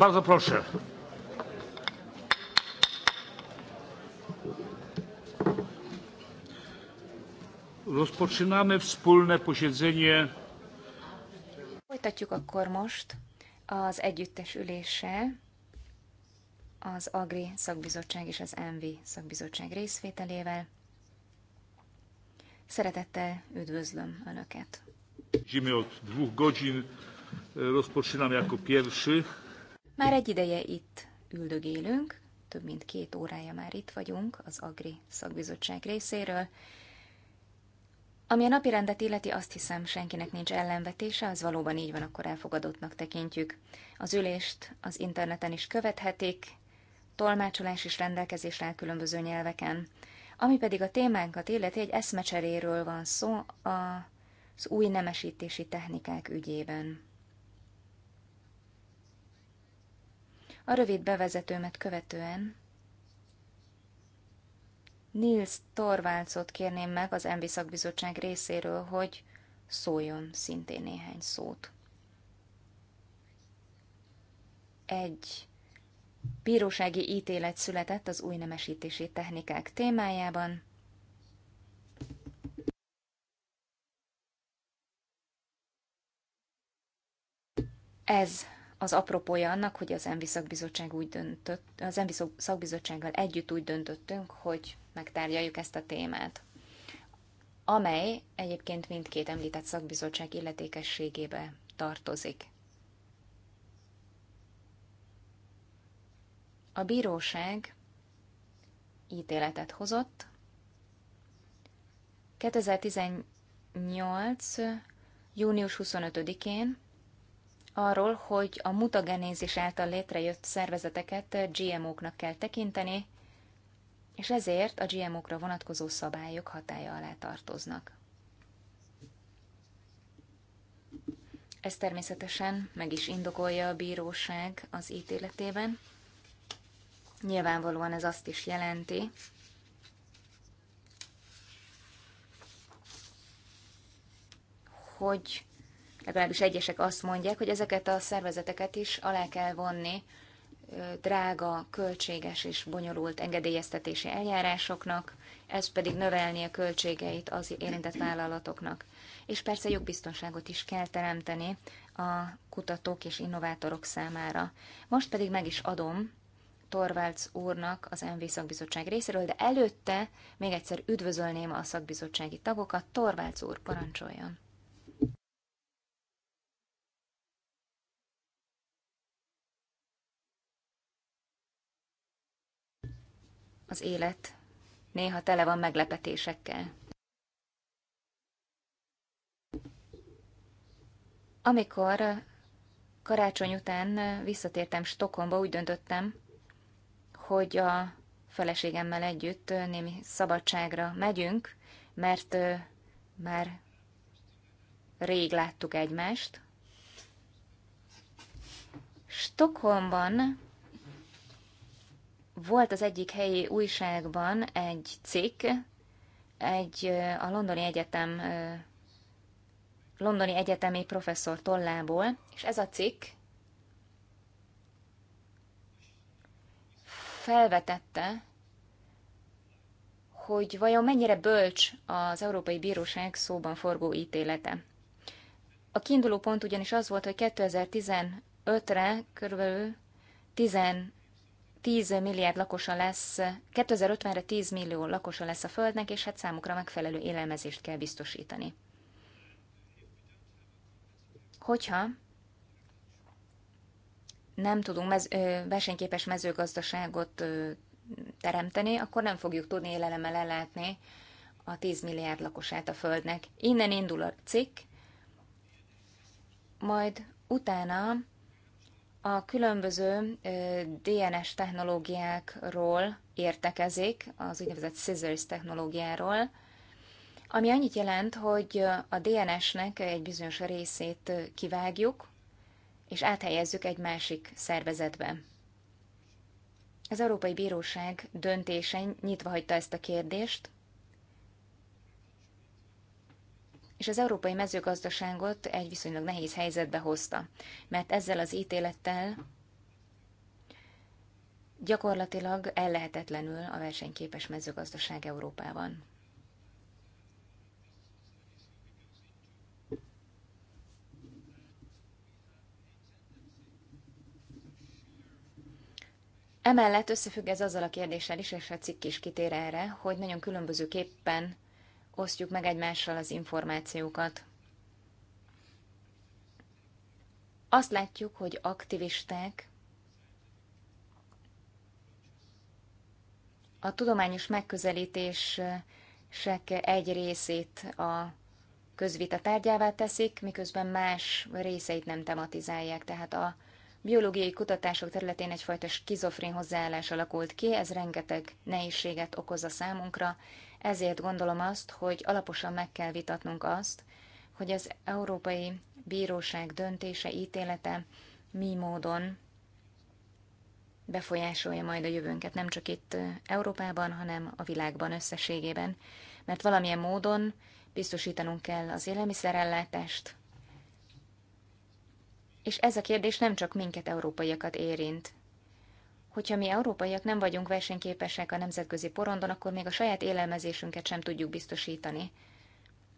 Bardzo proszę. Rozpoczynamy wspólne posiedzenie. Folytatjuk akkor most az együttes ülése az Agri szakbizottság és az ENVI szakbizottság részvételével. Szeretettel üdvözlöm Önöket. Zimmy od dwóch godzin rozpoczynam jako pierwszy. Már egy ideje itt üldögélünk, több mint két órája már itt vagyunk az Agri szakbizottság részéről. Ami a napirendet illeti, azt hiszem, senkinek nincs ellenvetése, az valóban így van, akkor elfogadottnak tekintjük. Az ülést az interneten is követhetik, tolmácsolás is rendelkezésre áll különböző nyelveken. Ami pedig a témánkat illeti, egy eszmecseréről van szó az új nemesítési technikák ügyében. A rövid bevezetőmet követően Nils Torvalcot kérném meg az MV szakbizottság részéről, hogy szóljon szintén néhány szót. Egy bírósági ítélet született az új nemesítési technikák témájában. Ez az apropója annak, hogy az ENVI szakbizottság úgy döntött, az ENVI szakbizottsággal együtt úgy döntöttünk, hogy megtárgyaljuk ezt a témát, amely egyébként mindkét említett szakbizottság illetékességébe tartozik. A bíróság ítéletet hozott. 2018. június 25-én arról, hogy a mutagenézis által létrejött szervezeteket GMO-knak kell tekinteni, és ezért a GMO-kra vonatkozó szabályok hatája alá tartoznak. Ez természetesen meg is indokolja a bíróság az ítéletében. Nyilvánvalóan ez azt is jelenti, hogy legalábbis egyesek azt mondják, hogy ezeket a szervezeteket is alá kell vonni drága, költséges és bonyolult engedélyeztetési eljárásoknak, ez pedig növelni a költségeit az érintett vállalatoknak. És persze jogbiztonságot is kell teremteni a kutatók és innovátorok számára. Most pedig meg is adom Torvalds úrnak az MV szakbizottság részéről, de előtte még egyszer üdvözölném a szakbizottsági tagokat. Torvalds úr, parancsoljon! az élet néha tele van meglepetésekkel. Amikor karácsony után visszatértem Stokholmba, úgy döntöttem, hogy a feleségemmel együtt némi szabadságra megyünk, mert már rég láttuk egymást. Stockholmban volt az egyik helyi újságban egy cikk, egy a Londoni Egyetem Londoni Egyetemi professzor tollából, és ez a cikk felvetette, hogy vajon mennyire bölcs az Európai Bíróság szóban forgó ítélete. A kiinduló pont ugyanis az volt, hogy 2015-re körülbelül 10 10 milliárd lakosa lesz, 2050-re 10 millió lakosa lesz a Földnek, és hát számukra megfelelő élelmezést kell biztosítani. Hogyha nem tudunk mez- ö, versenyképes mezőgazdaságot ö, teremteni, akkor nem fogjuk tudni élelemmel ellátni a 10 milliárd lakosát a Földnek. Innen indul a cikk, majd utána a különböző DNS technológiákról értekezik, az úgynevezett scissors technológiáról, ami annyit jelent, hogy a DNS-nek egy bizonyos részét kivágjuk, és áthelyezzük egy másik szervezetbe. Az Európai Bíróság döntése nyitva hagyta ezt a kérdést, és az európai mezőgazdaságot egy viszonylag nehéz helyzetbe hozta, mert ezzel az ítélettel gyakorlatilag ellehetetlenül a versenyképes mezőgazdaság Európában. Emellett összefügg ez azzal a kérdéssel is, és a cikk is kitér erre, hogy nagyon különbözőképpen osztjuk meg egymással az információkat. Azt látjuk, hogy aktivisták a tudományos megközelítések egy részét a közvita tárgyává teszik, miközben más részeit nem tematizálják. Tehát a biológiai kutatások területén egyfajta skizofrén hozzáállás alakult ki, ez rengeteg nehézséget okoz a számunkra, ezért gondolom azt, hogy alaposan meg kell vitatnunk azt, hogy az Európai Bíróság döntése, ítélete mi módon befolyásolja majd a jövőnket, nem csak itt Európában, hanem a világban összességében. Mert valamilyen módon biztosítanunk kell az élelmiszerellátást, és ez a kérdés nem csak minket, európaiakat érint hogyha mi európaiak nem vagyunk versenyképesek a nemzetközi porondon, akkor még a saját élelmezésünket sem tudjuk biztosítani.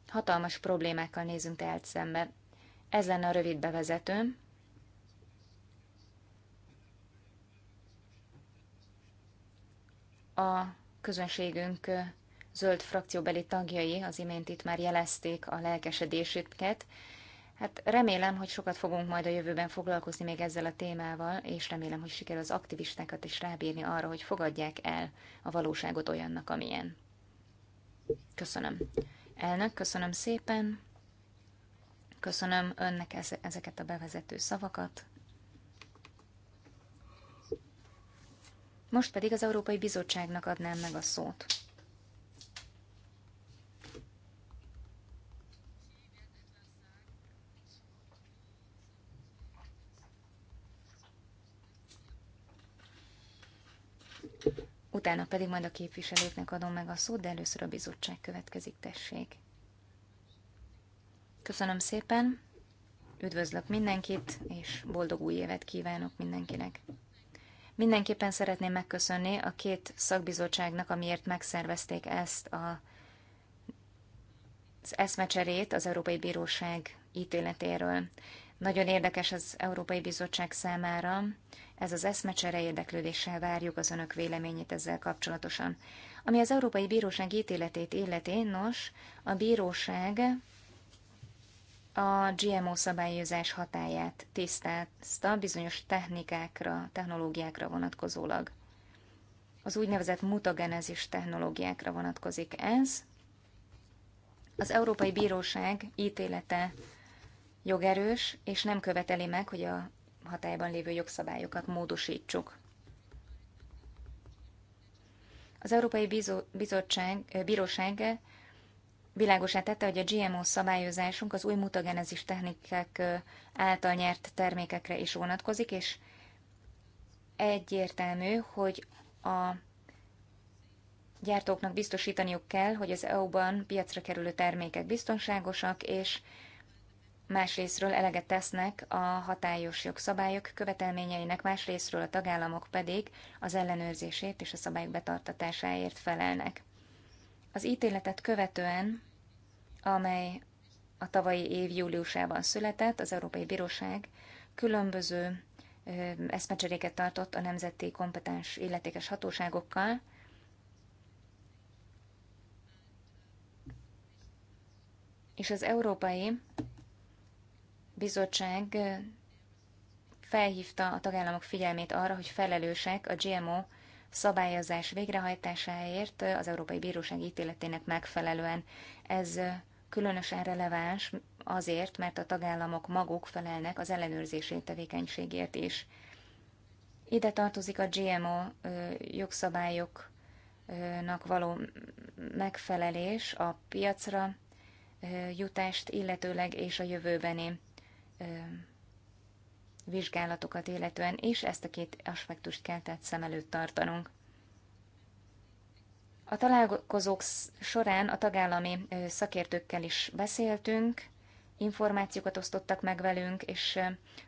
Hatalmas problémákkal nézünk tehát szembe. Ez lenne a rövid bevezetőm. A közönségünk zöld frakcióbeli tagjai az imént itt már jelezték a lelkesedésüket, Hát remélem, hogy sokat fogunk majd a jövőben foglalkozni még ezzel a témával, és remélem, hogy sikerül az aktivistákat is rábírni arra, hogy fogadják el a valóságot olyannak, amilyen. Köszönöm. Elnök, köszönöm szépen. Köszönöm önnek ezeket a bevezető szavakat. Most pedig az Európai Bizottságnak adnám meg a szót. Utána pedig majd a képviselőknek adom meg a szót, de először a bizottság következik, tessék. Köszönöm szépen, üdvözlök mindenkit, és boldog új évet kívánok mindenkinek. Mindenképpen szeretném megköszönni a két szakbizottságnak, amiért megszervezték ezt a, az eszmecserét az Európai Bíróság ítéletéről. Nagyon érdekes az Európai Bizottság számára. Ez az eszmecsere érdeklődéssel várjuk az önök véleményét ezzel kapcsolatosan. Ami az Európai Bíróság ítéletét illeti, nos, a bíróság a GMO szabályozás hatáját tisztázta bizonyos technikákra, technológiákra vonatkozólag. Az úgynevezett mutagenezis technológiákra vonatkozik ez. Az Európai Bíróság ítélete jogerős, és nem követeli meg, hogy a hatályban lévő jogszabályokat módosítsuk. Az Európai Bizottság, Bíróság világosá tette, hogy a GMO szabályozásunk az új mutagenezis technikák által nyert termékekre is vonatkozik, és egyértelmű, hogy a gyártóknak biztosítaniuk kell, hogy az EU-ban piacra kerülő termékek biztonságosak, és másrésztről eleget tesznek a hatályos jogszabályok követelményeinek, másrésztről a tagállamok pedig az ellenőrzését és a szabályok betartatásáért felelnek. Az ítéletet követően, amely a tavalyi év júliusában született, az Európai Bíróság különböző eszmecseréket tartott a nemzeti kompetens illetékes hatóságokkal, és az Európai bizottság felhívta a tagállamok figyelmét arra, hogy felelősek a GMO szabályozás végrehajtásáért az Európai Bíróság ítéletének megfelelően. Ez különösen releváns azért, mert a tagállamok maguk felelnek az ellenőrzési tevékenységért is. Ide tartozik a GMO jogszabályoknak való megfelelés, a piacra jutást, illetőleg és a jövőbeni vizsgálatokat illetően, és ezt a két aspektust kell tehát szem előtt tartanunk. A találkozók során a tagállami szakértőkkel is beszéltünk, információkat osztottak meg velünk, és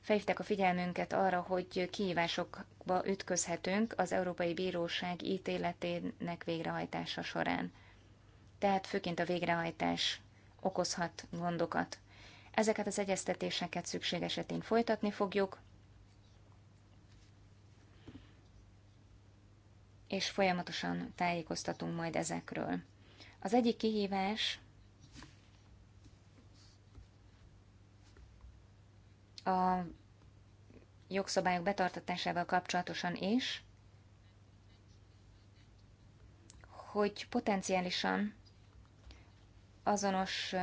felhívták a figyelmünket arra, hogy kihívásokba ütközhetünk az Európai Bíróság ítéletének végrehajtása során. Tehát főként a végrehajtás okozhat gondokat. Ezeket az egyeztetéseket szükség esetén folytatni fogjuk, és folyamatosan tájékoztatunk majd ezekről. Az egyik kihívás a jogszabályok betartatásával kapcsolatosan is, hogy potenciálisan azonos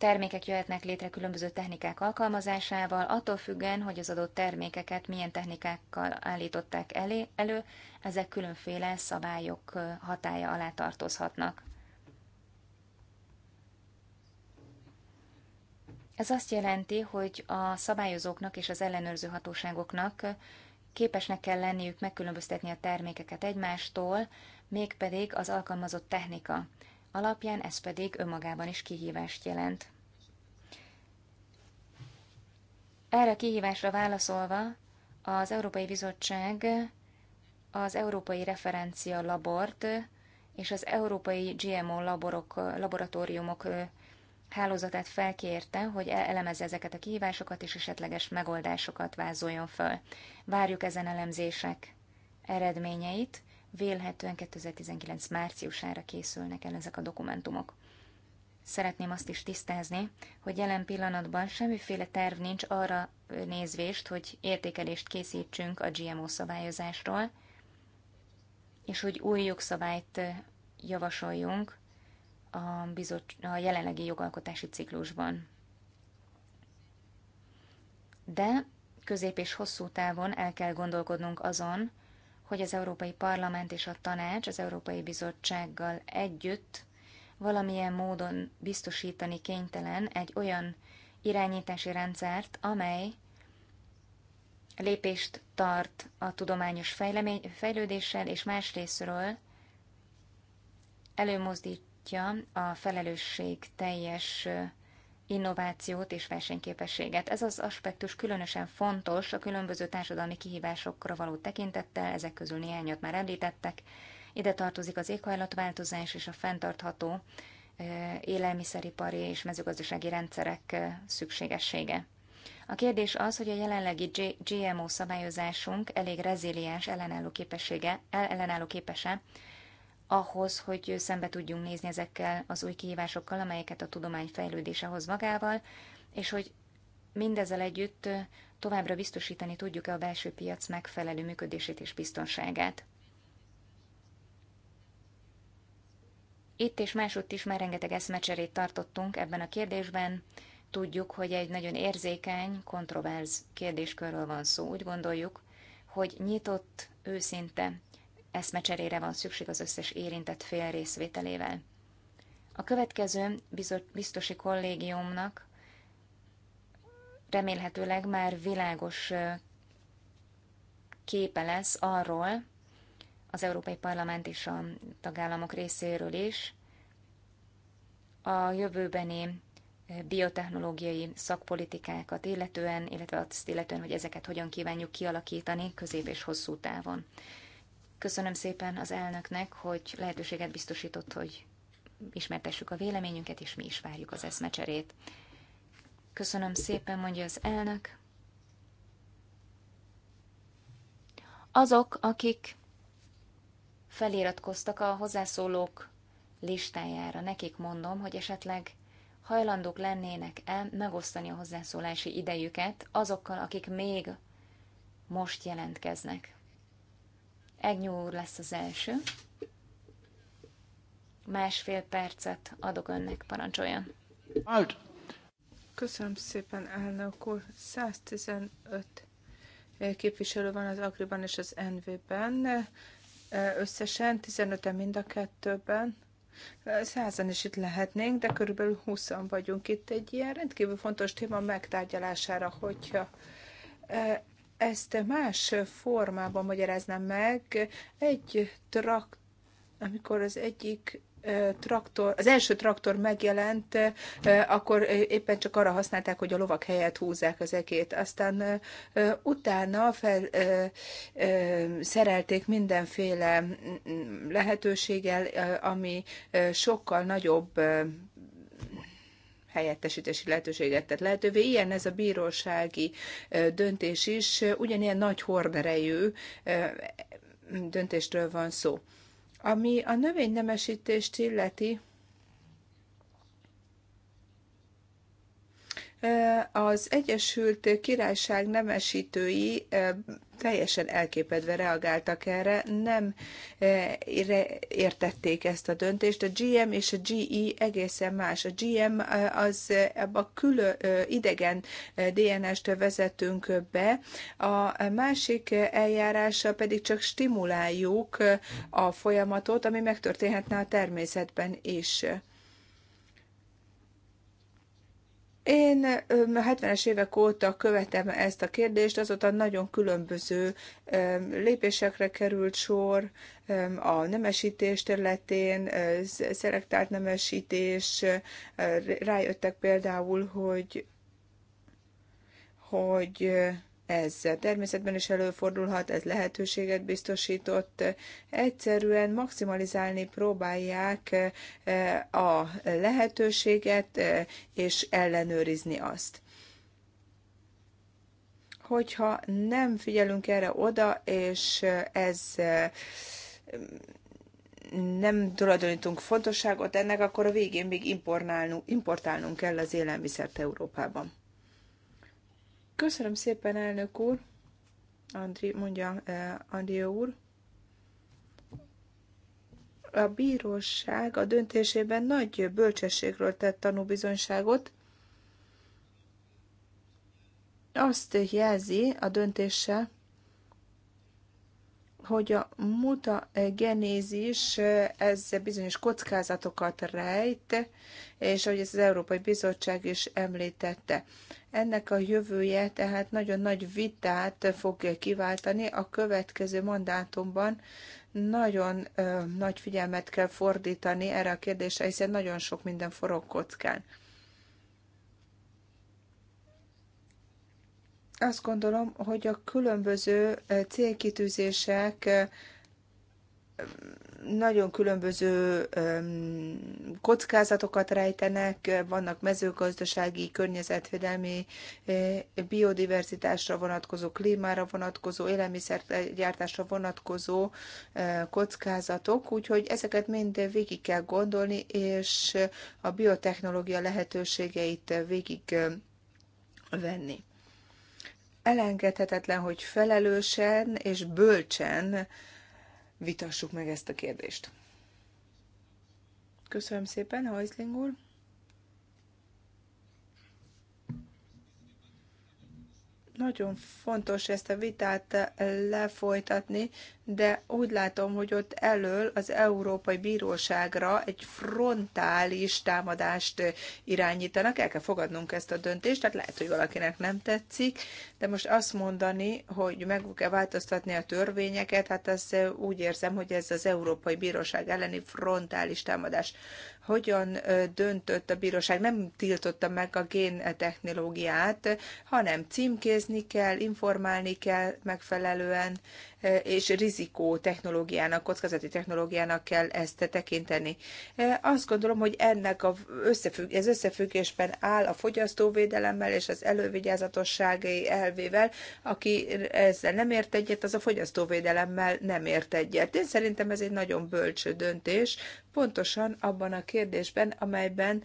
termékek jöhetnek létre különböző technikák alkalmazásával, attól függően, hogy az adott termékeket milyen technikákkal állították elé, elő, ezek különféle szabályok hatája alá tartozhatnak. Ez azt jelenti, hogy a szabályozóknak és az ellenőrző hatóságoknak képesnek kell lenniük megkülönböztetni a termékeket egymástól, mégpedig az alkalmazott technika alapján, ez pedig önmagában is kihívást jelent. Erre a kihívásra válaszolva az Európai Bizottság az Európai Referencia Labort és az Európai GMO laborok, laboratóriumok hálózatát felkérte, hogy e-, elemezze ezeket a kihívásokat és esetleges megoldásokat vázoljon föl. Várjuk ezen elemzések eredményeit, Vélhetően 2019 márciusára készülnek el ezek a dokumentumok. Szeretném azt is tisztázni, hogy jelen pillanatban semmiféle terv nincs arra nézvést, hogy értékelést készítsünk a GMO szabályozásról, és hogy új jogszabályt javasoljunk a, bizot, a jelenlegi jogalkotási ciklusban. De közép és hosszú távon el kell gondolkodnunk azon, hogy az Európai Parlament és a Tanács az Európai Bizottsággal együtt valamilyen módon biztosítani kénytelen egy olyan irányítási rendszert, amely lépést tart a tudományos fejlődéssel, és másrésztről előmozdítja a felelősség teljes innovációt és versenyképességet. Ez az aspektus különösen fontos a különböző társadalmi kihívásokra való tekintettel, ezek közül néhányat már említettek. Ide tartozik az éghajlatváltozás és a fenntartható élelmiszeripari és mezőgazdasági rendszerek szükségessége. A kérdés az, hogy a jelenlegi GMO szabályozásunk elég reziliens ellenálló, képessége, ellenálló képes ahhoz, hogy szembe tudjunk nézni ezekkel az új kihívásokkal, amelyeket a tudomány fejlődése hoz magával, és hogy mindezzel együtt továbbra biztosítani tudjuk-e a belső piac megfelelő működését és biztonságát. Itt és másutt is már rengeteg eszmecserét tartottunk ebben a kérdésben. Tudjuk, hogy egy nagyon érzékeny, kontroverz kérdéskörről van szó. Úgy gondoljuk, hogy nyitott, őszinte eszmecserére van szükség az összes érintett fél részvételével. A következő biztosi kollégiumnak remélhetőleg már világos képe lesz arról, az Európai Parlament és a tagállamok részéről is, a jövőbeni biotechnológiai szakpolitikákat illetően, illetve azt illetően, hogy ezeket hogyan kívánjuk kialakítani közép és hosszú távon. Köszönöm szépen az elnöknek, hogy lehetőséget biztosított, hogy ismertessük a véleményünket, és mi is várjuk az eszmecserét. Köszönöm szépen, mondja az elnök. Azok, akik feliratkoztak a hozzászólók listájára, nekik mondom, hogy esetleg hajlandók lennének-e megosztani a hozzászólási idejüket azokkal, akik még most jelentkeznek. Egnyó úr lesz az első. Másfél percet adok önnek, parancsoljon. Alt. Köszönöm szépen, elnök úr. 115 képviselő van az Agriban és az NV-ben. Összesen 15-en mind a kettőben. Százan is itt lehetnénk, de körülbelül 20 vagyunk itt egy ilyen rendkívül fontos téma megtárgyalására, hogyha ezt más formában magyaráznám meg. Egy trak, amikor az egyik traktor, az első traktor megjelent, akkor éppen csak arra használták, hogy a lovak helyett húzzák az ekét. Aztán utána fel, szerelték mindenféle mm, mm, lehetőséggel, ami sokkal nagyobb helyettesítési lehetőséget tett lehetővé. Ilyen ez a bírósági döntés is, ugyanilyen nagy horderejű döntéstől van szó. Ami a növénynemesítést illeti, Az Egyesült Királyság nemesítői teljesen elképedve reagáltak erre, nem értették ezt a döntést. A GM és a GE egészen más. A GM az a külön idegen DNS-t vezetünk be, a másik eljárása pedig csak stimuláljuk a folyamatot, ami megtörténhetne a természetben is. Én 70-es évek óta követem ezt a kérdést, azóta nagyon különböző lépésekre került sor a nemesítés területén, szelektált nemesítés, rájöttek például, hogy hogy ez természetben is előfordulhat, ez lehetőséget biztosított. Egyszerűen maximalizálni próbálják eh, a lehetőséget, eh, és ellenőrizni azt hogyha nem figyelünk erre oda, és eh, ez nem tulajdonítunk fontosságot ennek, akkor a végén még importálnunk, kell az élelmiszert Európában. Köszönöm szépen, elnök úr, Andri, mondja eh, Andrió úr. A bíróság a döntésében nagy bölcsességről tett tanúbizonyságot. Azt jelzi a döntéssel, hogy a mutagenézis ez bizonyos kockázatokat rejt, és ahogy ezt az Európai Bizottság is említette. Ennek a jövője tehát nagyon nagy vitát fog kiváltani a következő mandátumban, nagyon ö, nagy figyelmet kell fordítani erre a kérdésre, hiszen nagyon sok minden forog kockán. Azt gondolom, hogy a különböző célkitűzések nagyon különböző kockázatokat rejtenek, vannak mezőgazdasági, környezetvédelmi, biodiverzitásra vonatkozó, klímára vonatkozó, élelmiszergyártásra vonatkozó kockázatok, úgyhogy ezeket mind végig kell gondolni, és a biotechnológia lehetőségeit végig venni elengedhetetlen, hogy felelősen és bölcsen vitassuk meg ezt a kérdést. Köszönöm szépen, Hajzling úr! nagyon fontos ezt a vitát lefolytatni, de úgy látom, hogy ott elől az Európai Bíróságra egy frontális támadást irányítanak. El kell fogadnunk ezt a döntést, tehát lehet, hogy valakinek nem tetszik, de most azt mondani, hogy meg kell változtatni a törvényeket, hát azt úgy érzem, hogy ez az Európai Bíróság elleni frontális támadás. Hogyan döntött a bíróság? Nem tiltotta meg a géntechnológiát, hanem címkézni kell, informálni kell megfelelően, és rizikó technológiának, kockázati technológiának kell ezt tekinteni. Azt gondolom, hogy ennek a összefügg, ez összefüggésben áll a fogyasztóvédelemmel és az elővigyázatossági elvével, aki ezzel nem ért egyet, az a fogyasztóvédelemmel nem ért egyet. Én szerintem ez egy nagyon bölcs döntés, pontosan abban a kérdésben, amelyben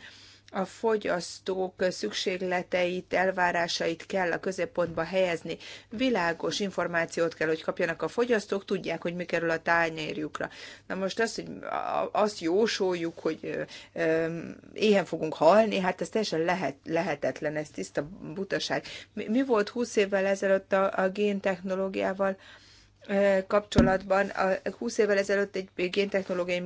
a fogyasztók szükségleteit, elvárásait kell a középpontba helyezni. Világos információt kell, hogy kapjanak a fogyasztók, tudják, hogy mi kerül a tányérjukra. Na most azt, hogy azt jósoljuk, hogy éhen fogunk halni, hát ez teljesen lehet, lehetetlen, ez tiszta butaság. Mi, mi volt 20 évvel ezelőtt a, a géntechnológiával? kapcsolatban a 20 évvel ezelőtt egy géntechnológiai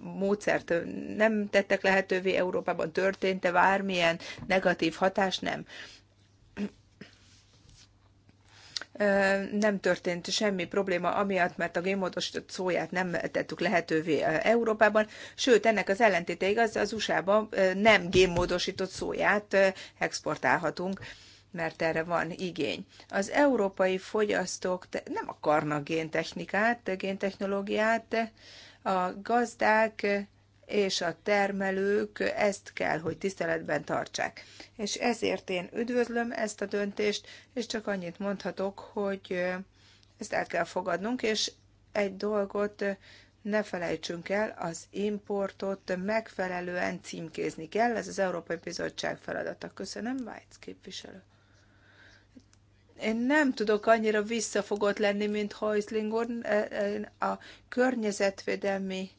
módszert nem tettek lehetővé Európában. Történt-e bármilyen negatív hatás? Nem. Nem történt semmi probléma amiatt, mert a génmódosított szóját nem tettük lehetővé Európában, sőt, ennek az ellentéte igaz, az USA-ban nem génmódosított szóját exportálhatunk mert erre van igény. Az európai fogyasztók nem akarnak géntechnikát, géntechnológiát, de a gazdák és a termelők ezt kell, hogy tiszteletben tartsák. És ezért én üdvözlöm ezt a döntést, és csak annyit mondhatok, hogy ezt el kell fogadnunk, és egy dolgot ne felejtsünk el, az importot megfelelően címkézni kell, ez az Európai Bizottság feladata. Köszönöm, Vájc képviselő. Én nem tudok annyira visszafogott lenni, mint Heusling úr. A környezetvédelmi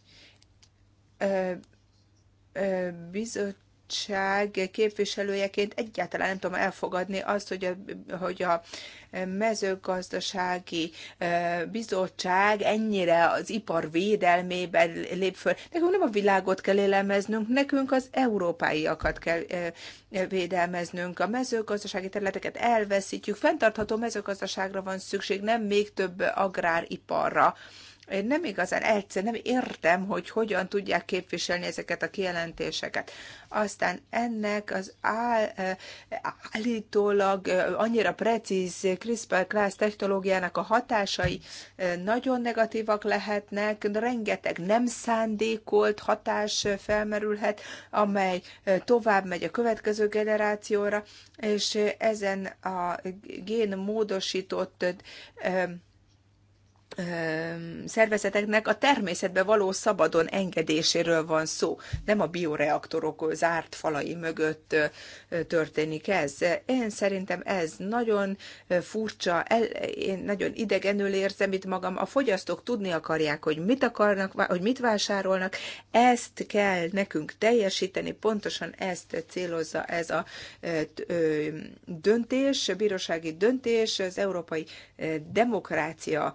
bizott bizottság képviselőjeként egyáltalán nem tudom elfogadni azt, hogy a, hogy a mezőgazdasági bizottság ennyire az ipar védelmében lép föl. Nekünk nem a világot kell élelmeznünk, nekünk az európaiakat kell védelmeznünk. A mezőgazdasági területeket elveszítjük, fenntartható mezőgazdaságra van szükség, nem még több agráriparra. Én nem igazán egyszer nem értem, hogy hogyan tudják képviselni ezeket a kijelentéseket. Aztán ennek az áll, eh, állítólag eh, annyira precíz CRISPR-Class technológiának a hatásai eh, nagyon negatívak lehetnek, rengeteg nem szándékolt hatás felmerülhet, amely tovább megy a következő generációra, és ezen a génmódosított módosított szervezeteknek a természetbe való szabadon engedéséről van szó. Nem a bioreaktorok zárt falai mögött történik ez. Én szerintem ez nagyon furcsa, el, én nagyon idegenül érzem itt magam. A fogyasztók tudni akarják, hogy mit akarnak, hogy mit vásárolnak. Ezt kell nekünk teljesíteni, pontosan ezt célozza ez a döntés, bírósági döntés, az európai demokrácia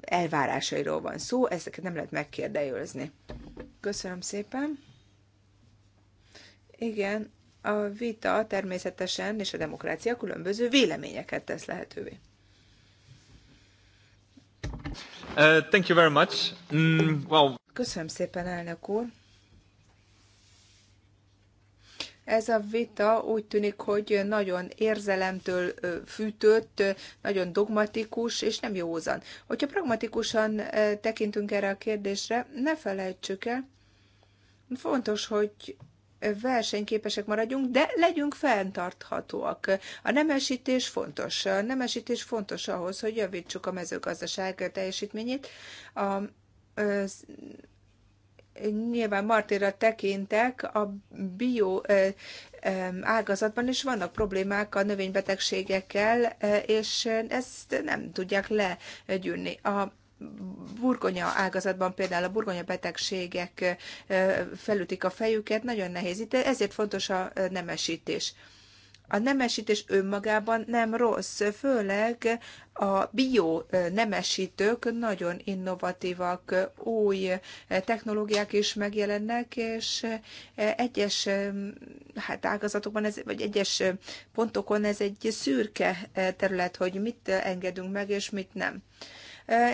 elvárásairól van szó, ezeket nem lehet megkérdejőzni. Köszönöm szépen. Igen, a vita természetesen és a demokrácia különböző véleményeket tesz lehetővé. Uh, thank you very much. Mm, well... Köszönöm szépen, elnök úr. Ez a vita úgy tűnik, hogy nagyon érzelemtől fűtött, nagyon dogmatikus és nem józan. Hogyha pragmatikusan tekintünk erre a kérdésre, ne felejtsük el, fontos, hogy versenyképesek maradjunk, de legyünk fenntarthatóak. A nemesítés fontos. A nemesítés fontos ahhoz, hogy javítsuk a mezőgazdaság teljesítményét. A, nyilván Martira tekintek, a bio ágazatban is vannak problémák a növénybetegségekkel, és ezt nem tudják legyűrni. A burgonya ágazatban például a burgonya betegségek felütik a fejüket, nagyon nehéz. Itt ezért fontos a nemesítés. A nemesítés önmagában nem rossz, főleg a bio nemesítők nagyon innovatívak, új technológiák is megjelennek, és egyes hát ágazatokban, ez, vagy egyes pontokon ez egy szürke terület, hogy mit engedünk meg, és mit nem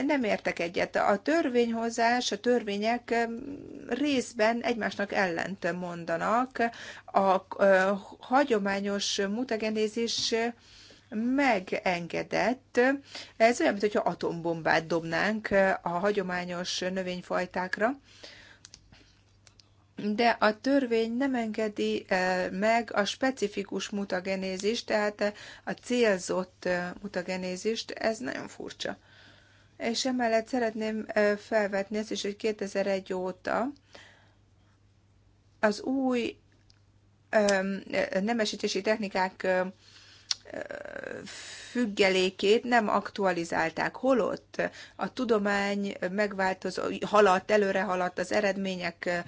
nem értek egyet. A törvényhozás, a törvények részben egymásnak ellent mondanak. A hagyományos mutagenézis megengedett. Ez olyan, mintha atombombát dobnánk a hagyományos növényfajtákra de a törvény nem engedi meg a specifikus mutagenézist, tehát a célzott mutagenézist, ez nagyon furcsa és emellett szeretném felvetni ezt is, hogy 2001 óta az új nemesítési technikák függelékét nem aktualizálták, holott a tudomány megváltozó, haladt, előre haladt, az eredmények,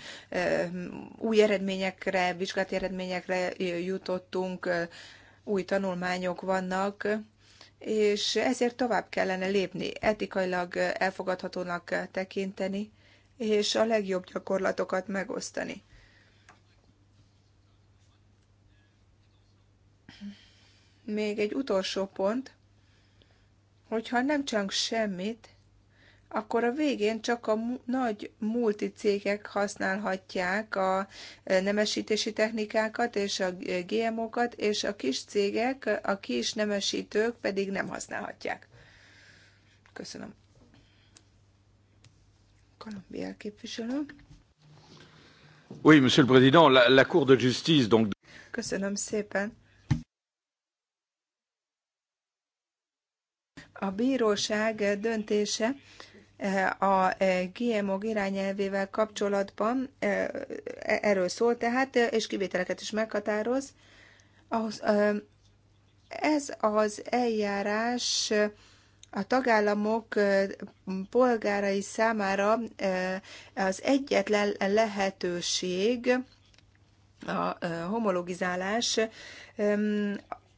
új eredményekre, vizsgálati eredményekre jutottunk, új tanulmányok vannak, és ezért tovább kellene lépni, etikailag elfogadhatónak tekinteni, és a legjobb gyakorlatokat megosztani. Még egy utolsó pont, hogyha nem csinálunk semmit, akkor a végén csak a nagy multicégek használhatják a e, nemesítési technikákat és a GMO-kat, és a kis cégek, a kis nemesítők pedig nem használhatják. Köszönöm. Kolumbia képviselő. Oui, Monsieur le Président, la, la Cour de justice, donc... Köszönöm szépen. A bíróság döntése a GMO irányelvével kapcsolatban e, e, erről szól tehát, e, és kivételeket is meghatároz. ez az eljárás a tagállamok polgárai számára az egyetlen lehetőség, a homologizálás,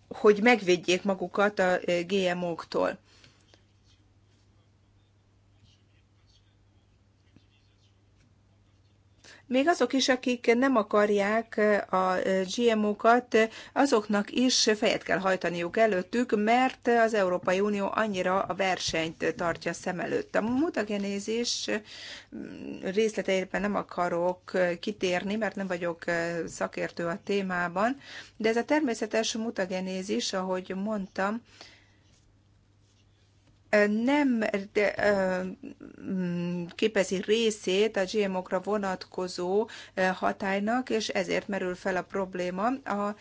hogy megvédjék magukat a GMO-któl. Még azok is, akik nem akarják eh, a eh, GMO-kat, eh, azoknak is fejet kell hajtaniuk előttük, mert az Európai Unió annyira a versenyt tartja szem előtt. A mutagenézés mm, részleteiben nem akarok kitérni, mert nem vagyok szakértő a témában, de ez a természetes mutagenézis, ahogy mondtam, nem mm, képezi részét a GMO-kra vonatkozó hatálynak, és ezért merül fel a probléma. A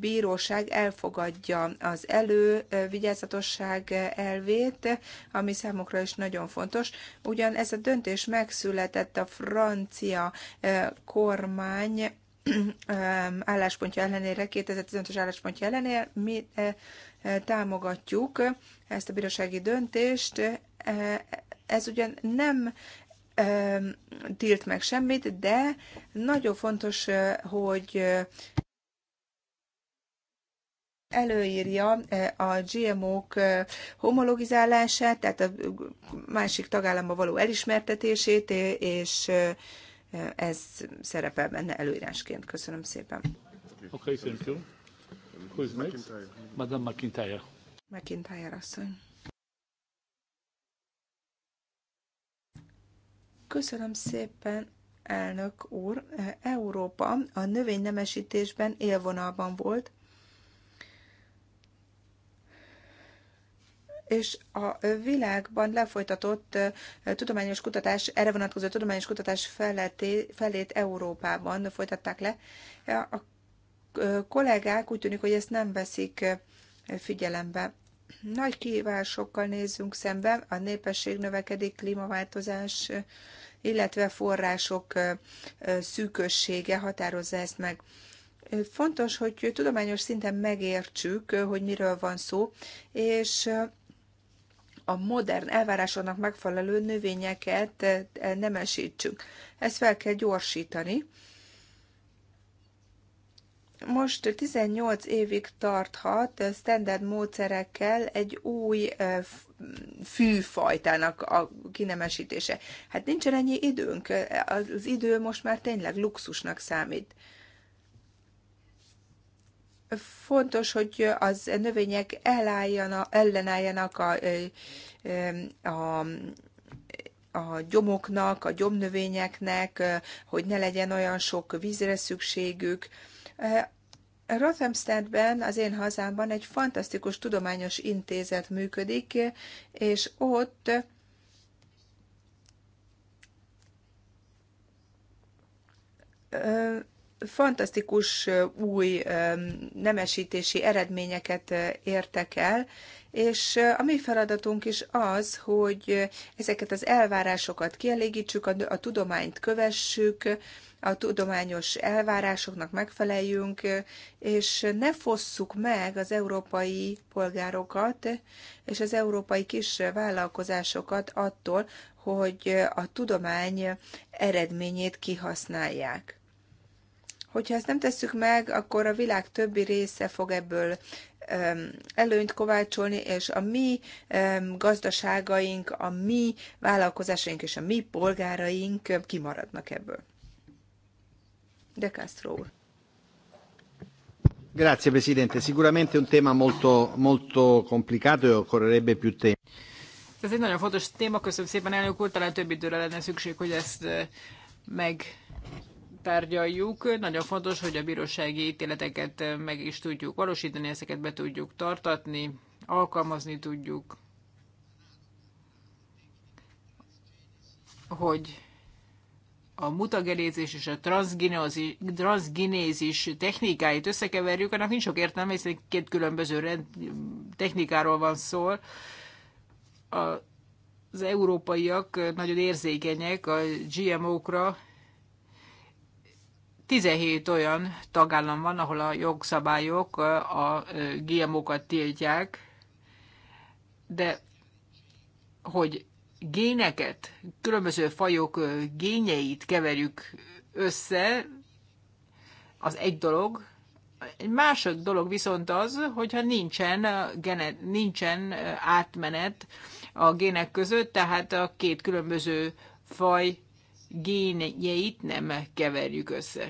bíróság elfogadja az elővigyázatosság elvét, ami számukra is nagyon fontos. Ugyan ez a döntés megszületett a francia kormány álláspontja ellenére, 2015-ös álláspontja ellenére mi támogatjuk ezt a bírósági döntést. Ez ugyan nem tilt meg semmit, de nagyon fontos, hogy előírja a GMO-k homologizálását, tehát a másik tagállamba való elismertetését, és ez szerepel benne előírásként. Köszönöm szépen. Okay, thank you. is next? Madame McIntyre. McIntyre asszony. Köszönöm szépen, elnök úr. Európa a növénynemesítésben élvonalban volt, és a világban lefolytatott tudományos kutatás, erre vonatkozó tudományos kutatás feleté, felét Európában folytatták le. A kollégák úgy tűnik, hogy ezt nem veszik figyelembe. Nagy kívásokkal nézzünk szembe, a népesség növekedik, klímaváltozás, illetve források szűkössége határozza ezt meg. Fontos, hogy tudományos szinten megértsük, hogy miről van szó, és a modern elvárásoknak megfelelő növényeket eh, eh, nemesítsünk. Ezt fel kell gyorsítani. Most 18 évig tarthat standard módszerekkel egy új eh, fűfajtának a kinemesítése. Hát nincsen ennyi időnk, az idő most már tényleg luxusnak számít fontos, hogy az növények ellenálljanak a, a a gyomoknak, a gyomnövényeknek, hogy ne legyen olyan sok vízre szükségük. Rothamstedben, az én hazámban egy fantasztikus tudományos intézet működik, és ott fantasztikus új nemesítési eredményeket értek el, és a mi feladatunk is az, hogy ezeket az elvárásokat kielégítsük, a, tudományt kövessük, a tudományos elvárásoknak megfeleljünk, és ne fosszuk meg az európai polgárokat és az európai kis vállalkozásokat attól, hogy a tudomány eredményét kihasználják. Hogyha ezt nem tesszük meg, akkor a világ többi része fog ebből előnyt kovácsolni, és a mi gazdaságaink, a mi vállalkozásaink és a mi polgáraink kimaradnak ebből. De Castro úr. Grazie Presidente, sicuramente un tema molto, molto complicato e occorrerebbe più tempo. Ez egy nagyon fontos téma, köszönöm szépen elnök úr, talán több időre lenne szükség, hogy ezt eh, meg tárgyaljuk. Nagyon fontos, hogy a bírósági ítéleteket meg is tudjuk valósítani, ezeket be tudjuk tartatni, alkalmazni tudjuk, hogy a mutagenézés és a transgenézis technikáit összekeverjük, annak nincs sok értelme, hiszen két különböző rend, technikáról van szó. az európaiak nagyon érzékenyek a GMO-kra, 17 olyan tagállam van, ahol a jogszabályok a GMO-kat tiltják, de hogy géneket, különböző fajok génjeit keverjük össze, az egy dolog. Egy másik dolog viszont az, hogyha nincsen, gene, nincsen átmenet a gének között, tehát a két különböző faj génjeit nem keverjük össze.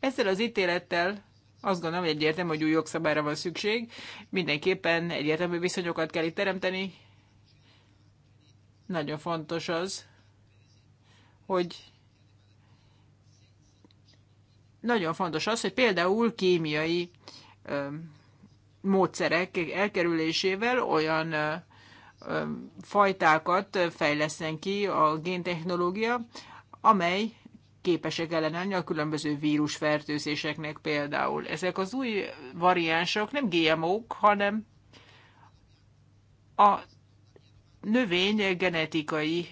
Ezzel az ítélettel azt gondolom, hogy egyértelmű, hogy új jogszabályra van szükség. Mindenképpen egyértelmű viszonyokat kell itt teremteni. Nagyon fontos az, hogy nagyon fontos az, hogy például kémiai ö, módszerek elkerülésével olyan fajtákat fejleszten ki a géntechnológia, amely képesek ellenállni a különböző vírusfertőzéseknek például. Ezek az új variánsok nem GMO-k, hanem a növény genetikai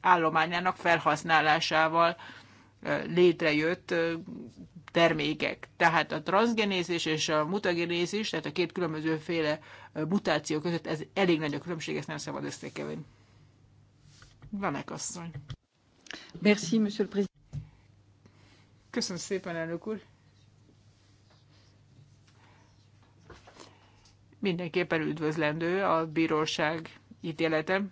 állományának felhasználásával létrejött termékek. Tehát a transgenézis és a mutagenézis, tehát a két különböző féle mutáció között ez elég nagy a különbség, ezt nem szabad összekeverni. Vanek asszony. Merci, monsieur le président. Köszönöm szépen, elnök úr. Mindenképpen üdvözlendő a bíróság ítélete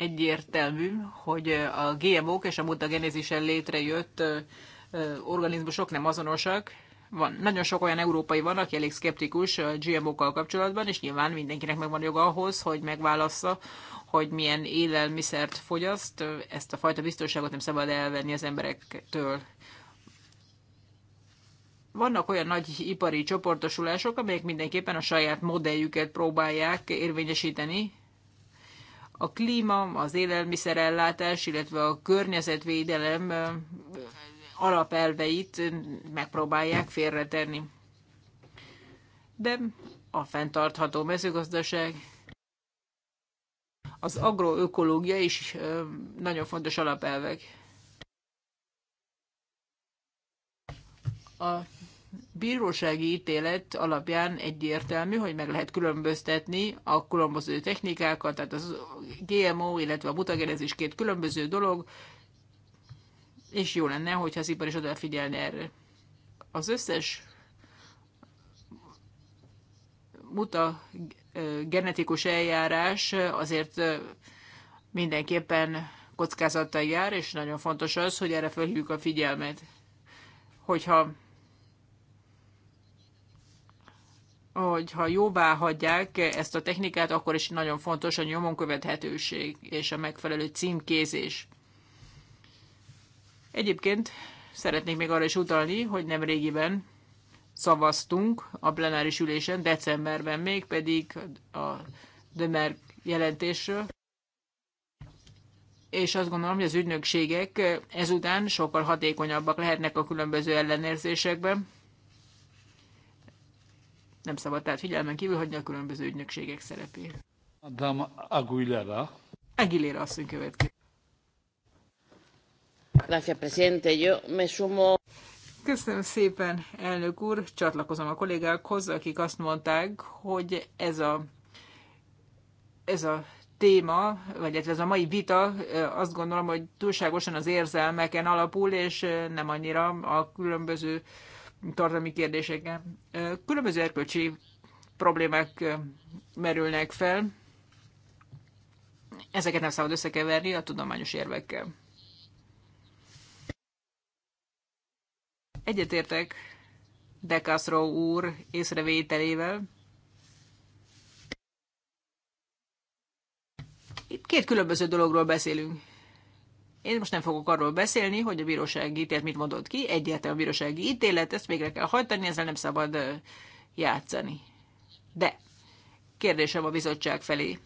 egyértelmű, hogy a GMO-k és a mutagenezisen létrejött organizmusok nem azonosak. Van, nagyon sok olyan európai van, aki elég szkeptikus a GMO-kkal kapcsolatban, és nyilván mindenkinek megvan joga ahhoz, hogy megválassza, hogy milyen élelmiszert fogyaszt. Ezt a fajta biztonságot nem szabad elvenni az emberektől. Vannak olyan nagy ipari csoportosulások, amelyek mindenképpen a saját modelljüket próbálják érvényesíteni, a klíma, az élelmiszerellátás, illetve a környezetvédelem alapelveit megpróbálják félretenni. De a fenntartható mezőgazdaság, az agroökológia is nagyon fontos alapelvek. A bírósági ítélet alapján egyértelmű, hogy meg lehet különböztetni a különböző technikákat, tehát az GMO, illetve a mutagenezis két különböző dolog, és jó lenne, hogyha az ipar is odafigyelne erre. Az összes muta genetikus eljárás azért mindenképpen kockázattal jár, és nagyon fontos az, hogy erre felhívjuk a figyelmet. Hogyha hogyha jóvá hagyják ezt a technikát, akkor is nagyon fontos a nyomon követhetőség és a megfelelő címkézés. Egyébként szeretnék még arra is utalni, hogy nem régiben szavaztunk a plenáris ülésen, decemberben még pedig a Dömer jelentésről, és azt gondolom, hogy az ügynökségek ezután sokkal hatékonyabbak lehetnek a különböző ellenérzésekben nem szabad tehát figyelmen kívül hagyni a különböző ügynökségek szerepét. Adam Aguilera. Aguilera asszony következik. Gracias, presidente. Yo me sumo... Köszönöm szépen, elnök úr. Csatlakozom a kollégákhoz, akik azt mondták, hogy ez a, ez a téma, vagy ez a mai vita azt gondolom, hogy túlságosan az érzelmeken alapul, és nem annyira a különböző tartalmi kérdésekkel. Különböző erkölcsi problémák merülnek fel. Ezeket nem szabad összekeverni a tudományos érvekkel. Egyetértek De Castro úr észrevételével. Itt két különböző dologról beszélünk. Én most nem fogok arról beszélni, hogy a bírósági ítélet mit mondott ki, Egyértelmű a bírósági ítélet, ezt végre kell hajtani, ezzel nem szabad játszani. De kérdésem a bizottság felé.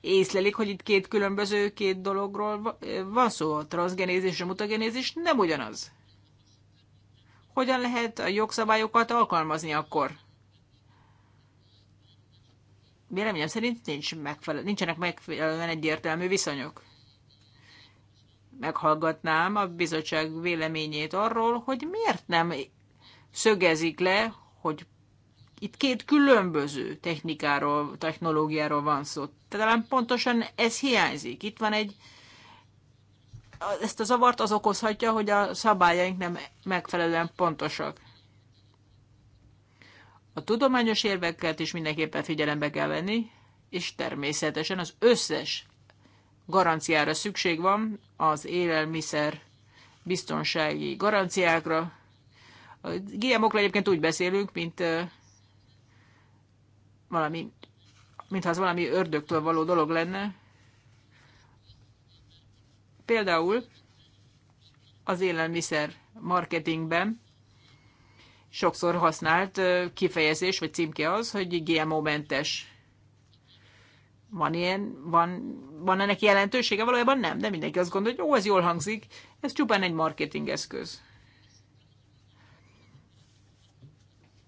Észlelik, hogy itt két különböző két dologról van szó, a transgenézis és a mutagenézis nem ugyanaz. Hogyan lehet a jogszabályokat alkalmazni akkor? véleményem szerint nincs megfelel, nincsenek megfelelően egyértelmű viszonyok. Meghallgatnám a bizottság véleményét arról, hogy miért nem szögezik le, hogy itt két különböző technikáról, technológiáról van szó. Talán pontosan ez hiányzik. Itt van egy, ezt a zavart az okozhatja, hogy a szabályaink nem megfelelően pontosak. A tudományos érveket is mindenképpen figyelembe kell venni, és természetesen az összes garanciára szükség van, az élelmiszer biztonsági garanciákra. A gmo egyébként úgy beszélünk, mint valami, mintha az valami ördögtől való dolog lenne. Például az élelmiszer marketingben sokszor használt kifejezés vagy címke az, hogy GMO-mentes. Van ilyen, van, van ennek jelentősége? Valójában nem, de mindenki azt gondolja, hogy ó, ez jól hangzik, ez csupán egy marketingeszköz.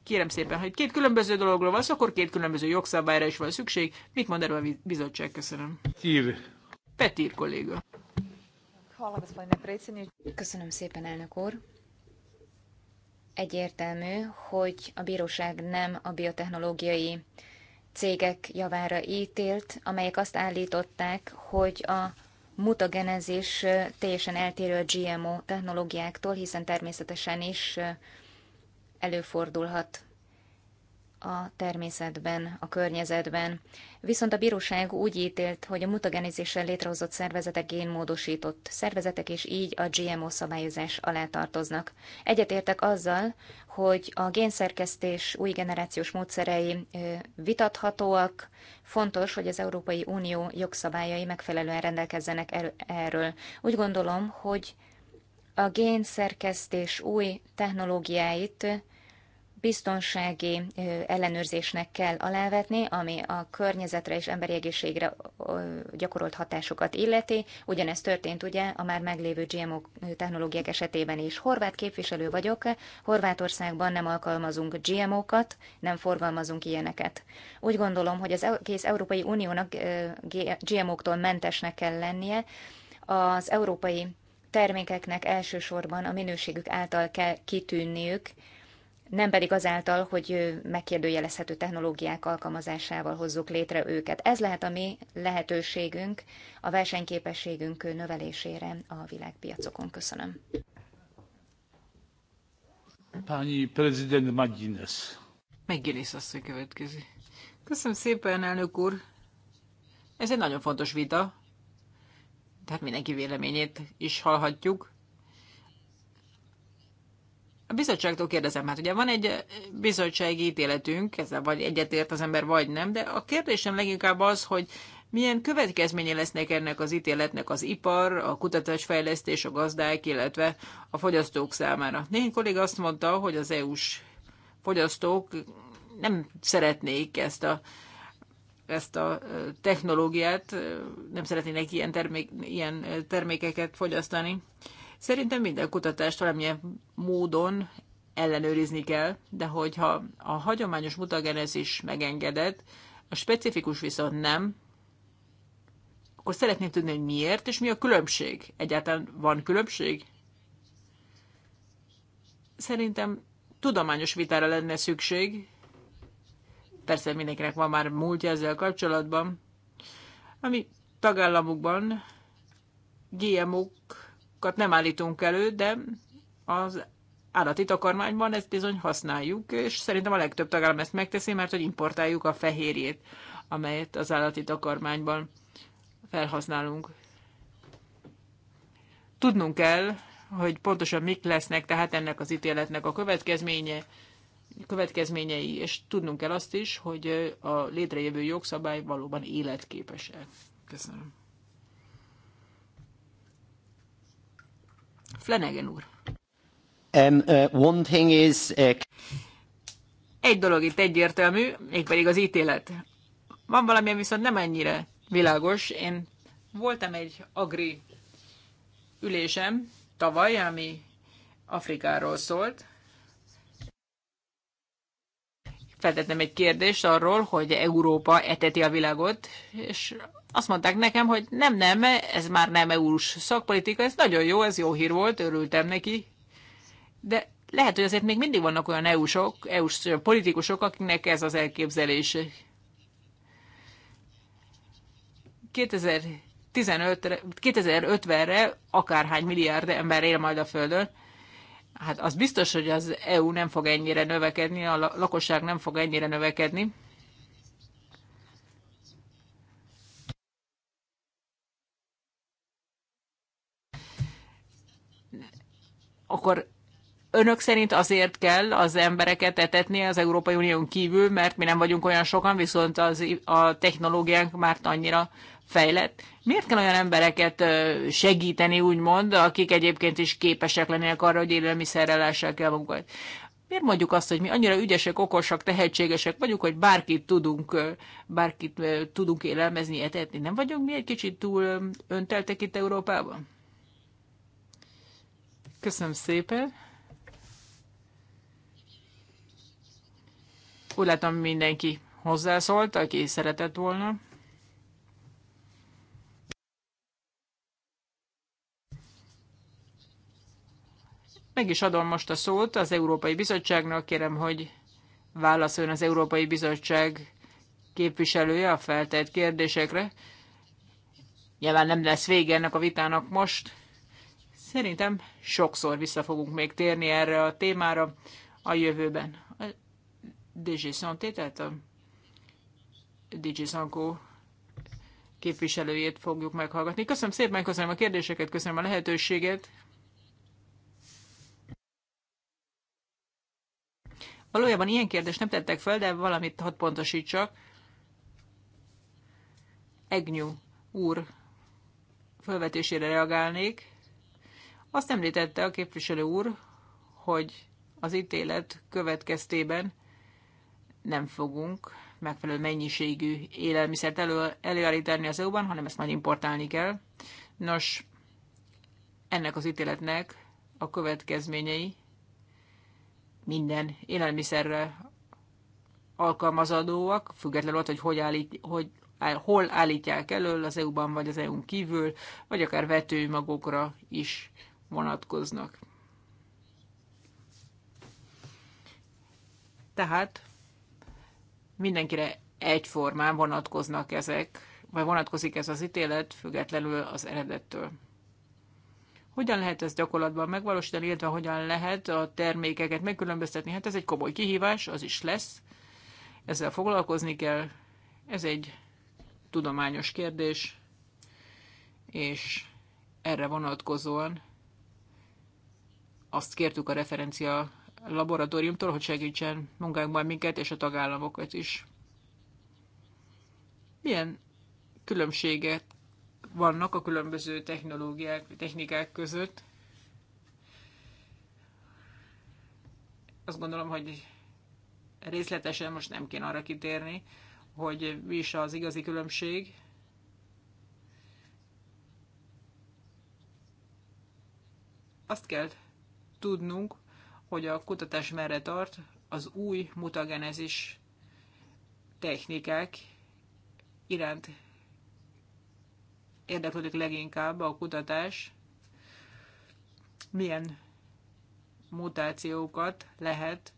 Kérem szépen, hogy két különböző dologról van akkor két különböző jogszabályra is van szükség. Mit mond erről a bizottság? Köszönöm. Petír. Petír kolléga. Köszönöm szépen, elnök úr egyértelmű, hogy a bíróság nem a biotechnológiai cégek javára ítélt, amelyek azt állították, hogy a mutagenezis teljesen eltérő a GMO technológiáktól, hiszen természetesen is előfordulhat a természetben, a környezetben. Viszont a bíróság úgy ítélt, hogy a mutagenizéssel létrehozott szervezetek génmódosított szervezetek, és így a GMO szabályozás alá tartoznak. Egyetértek azzal, hogy a génszerkesztés új generációs módszerei vitathatóak, fontos, hogy az Európai Unió jogszabályai megfelelően rendelkezzenek erről. Úgy gondolom, hogy a génszerkesztés új technológiáit biztonsági ellenőrzésnek kell alávetni, ami a környezetre és emberi egészségre gyakorolt hatásokat illeti. Ugyanez történt ugye a már meglévő GMO technológiák esetében is. Horvát képviselő vagyok, Horvátországban nem alkalmazunk GMO-kat, nem forgalmazunk ilyeneket. Úgy gondolom, hogy az egész Európai Uniónak GMO-któl mentesnek kell lennie, az európai termékeknek elsősorban a minőségük által kell kitűnniük, nem pedig azáltal, hogy megkérdőjelezhető technológiák alkalmazásával hozzuk létre őket. Ez lehet a mi lehetőségünk a versenyképességünk növelésére a világpiacokon. Köszönöm. Pányi prezident Magines. azt, hogy következő. Köszönöm szépen, elnök úr. Ez egy nagyon fontos vita. Tehát mindenki véleményét is hallhatjuk. A bizottságtól kérdezem, hát ugye van egy eh, bizottsági ítéletünk, ezzel vagy egyetért az ember, vagy nem, de a kérdésem leginkább az, hogy milyen következménye lesznek ennek az ítéletnek az ipar, a kutatásfejlesztés, a gazdák, illetve a fogyasztók számára? Néhány kolléga azt mondta, hogy az EU-s fogyasztók nem szeretnék ezt a ezt a eh, technológiát, eh, nem szeretnének ilyen, termék, ilyen termékeket fogyasztani. Szerintem minden kutatást valamilyen módon ellenőrizni kell, de hogyha a hagyományos mutagenezis megengedett, a specifikus viszont nem, akkor szeretném tudni, hogy miért, és mi a különbség. Egyáltalán van különbség? Szerintem tudományos vitára lenne szükség. Persze mindenkinek van már múltja ezzel kapcsolatban. Ami tagállamokban GMO-k takarmányokat nem állítunk elő, de az állati takarmányban ezt bizony használjuk, és szerintem a legtöbb tagállam ezt megteszi, mert hogy importáljuk a fehérjét, amelyet az állati takarmányban felhasználunk. Tudnunk kell, hogy pontosan mik lesznek tehát ennek az ítéletnek a következménye, következményei, és tudnunk kell azt is, hogy a létrejövő jogszabály valóban életképes-e. Köszönöm. Flanagan úr. Um, uh, one thing is, uh... Egy dolog itt egyértelmű, még pedig az ítélet. Van valami, ami viszont nem ennyire világos. Én voltam egy agri ülésem tavaly, ami Afrikáról szólt. Feltettem egy kérdést arról, hogy Európa eteti a világot, és azt mondták nekem, hogy nem, nem, ez már nem EU-s szakpolitika, ez nagyon jó, ez jó hír volt, örültem neki. De lehet, hogy azért még mindig vannak olyan eu s eu politikusok, akiknek ez az elképzelése. 2015-re, akárhány milliárd ember él majd a Földön, hát az biztos, hogy az EU nem fog ennyire növekedni, a lakosság nem fog ennyire növekedni. akkor önök szerint azért kell az embereket etetni az Európai Unión kívül, mert mi nem vagyunk olyan sokan, viszont az, a technológiánk már annyira fejlett. Miért kell olyan embereket segíteni, úgymond, akik egyébként is képesek lennének arra, hogy élelmiszerrel lássák el magukat? Miért mondjuk azt, hogy mi annyira ügyesek, okosak, tehetségesek vagyunk, hogy bárkit tudunk, bárkit tudunk élelmezni, etetni? Nem vagyunk mi egy kicsit túl önteltek itt Európában? Köszönöm szépen. Úgy látom, mindenki hozzászólt, aki szeretett volna. Meg is adom most a szót az Európai Bizottságnak, kérem, hogy válaszoljon az Európai Bizottság képviselője a feltett kérdésekre. Nyilván nem lesz vége ennek a vitának most. Szerintem sokszor vissza fogunk még térni erre a témára a jövőben. A DJ Santé, tehát a DJ Sanko képviselőjét fogjuk meghallgatni. Köszönöm szépen, köszönöm a kérdéseket, köszönöm a lehetőséget. Valójában ilyen kérdést nem tettek fel, de valamit hadd pontosítsak. Egnyú úr fölvetésére reagálnék. Azt említette a képviselő úr, hogy az ítélet következtében nem fogunk megfelelő mennyiségű élelmiszert elő, előállítani az EU-ban, hanem ezt majd importálni kell. Nos, ennek az ítéletnek a következményei minden élelmiszerre alkalmazadóak, függetlenül attól, hogy, hogy, állít, hogy áll, hol állítják elő az EU-ban, vagy az EU-n kívül, vagy akár vetőmagokra is vonatkoznak. Tehát mindenkire egyformán vonatkoznak ezek, vagy vonatkozik ez az ítélet, függetlenül az eredettől. Hogyan lehet ezt gyakorlatban megvalósítani, illetve hogyan lehet a termékeket megkülönböztetni? Hát ez egy komoly kihívás, az is lesz. Ezzel foglalkozni kell. Ez egy tudományos kérdés, és erre vonatkozóan azt kértük a referencia laboratóriumtól, hogy segítsen munkánkban minket és a tagállamokat is. Milyen különbséget vannak a különböző technológiák, technikák között? Azt gondolom, hogy részletesen most nem kéne arra kitérni, hogy mi is az igazi különbség. Azt kell tudnunk, hogy a kutatás merre tart az új mutagenezis technikák iránt érdeklődik leginkább a kutatás, milyen mutációkat lehet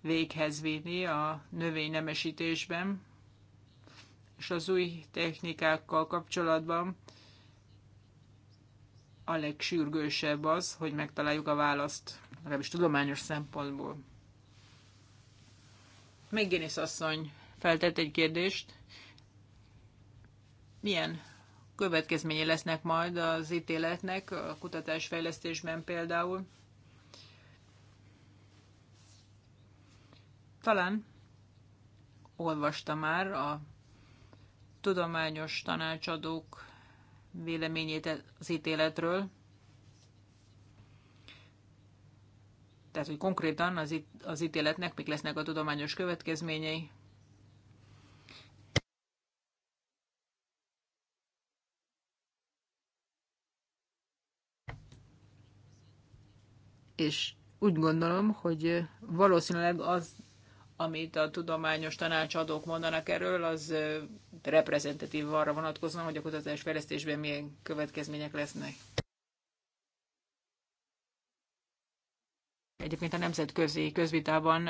véghez vinni a növénynemesítésben, és az új technikákkal kapcsolatban a legsürgősebb az, hogy megtaláljuk a választ, legalábbis tudományos szempontból. Meggénész asszony feltett egy kérdést. Milyen következménye lesznek majd az ítéletnek a kutatásfejlesztésben például? Talán olvasta már a tudományos tanácsadók véleményét az ítéletről. Tehát, hogy konkrétan az, it- az ítéletnek mik lesznek a tudományos következményei. És úgy gondolom, hogy valószínűleg az amit a tudományos tanácsadók mondanak erről, az reprezentatív arra vonatkozna, hogy a kutatás fejlesztésben milyen következmények lesznek. Egyébként a nemzetközi közvitában